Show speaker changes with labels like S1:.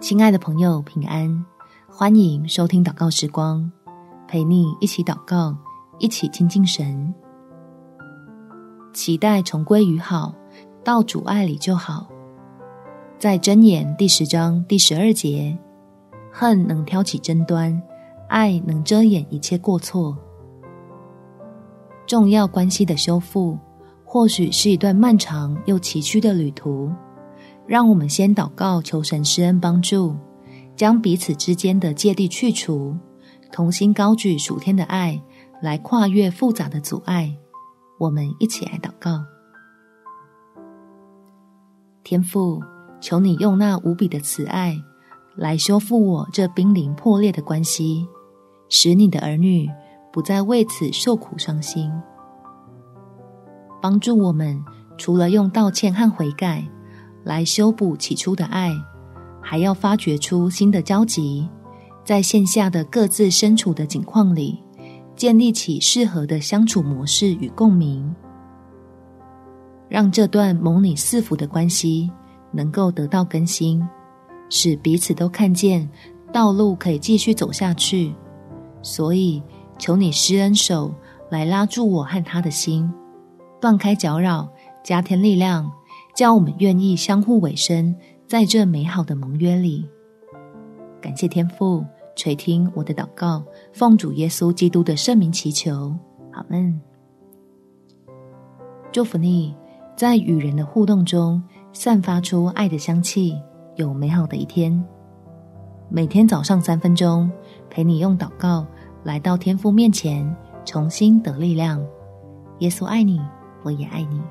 S1: 親愛的朋友，平安！歡迎收聽禱告時光，陪你一起禱告，一起親近神。期待重歸於好，到主愛裡就好。在箴言第十章第十二節，恨能挑起爭端，愛能遮掩一切過錯。重要關係的修復，或許是一段漫長又崎嶇的旅途。讓我們先禱告，求神施恩幫助，將彼此之間的芥蒂去除，同心高舉屬天的愛，來跨越複雜的阻礙。我們一起來禱告：天父，求你用那無比的慈愛來修復我這瀕臨破裂的關係，使你的兒女不再為此受苦傷心。幫助我們，除了用道歉和悔改。來修補起初的愛，還要發掘出新的交集，在現下的各自身處的景況裡，建立起適合的相處模式與共鳴，讓這段蒙你賜福的關係能夠得到更新，使彼此都看見道路可以繼續走下去。所以，求你施恩手來拉住我和他的心，斷開攪擾，加添力量。叫我們願意相互委身在這美好的盟約裡。感謝天父垂聽我的禱告，奉主耶穌基督的聖名祈求，阿們。祝福你，在與人的互動中散發出愛的香氣，有美好的一天。每天早上三分鐘，陪你用禱告來到天父面前，重新得力量。耶穌愛你，我也愛你。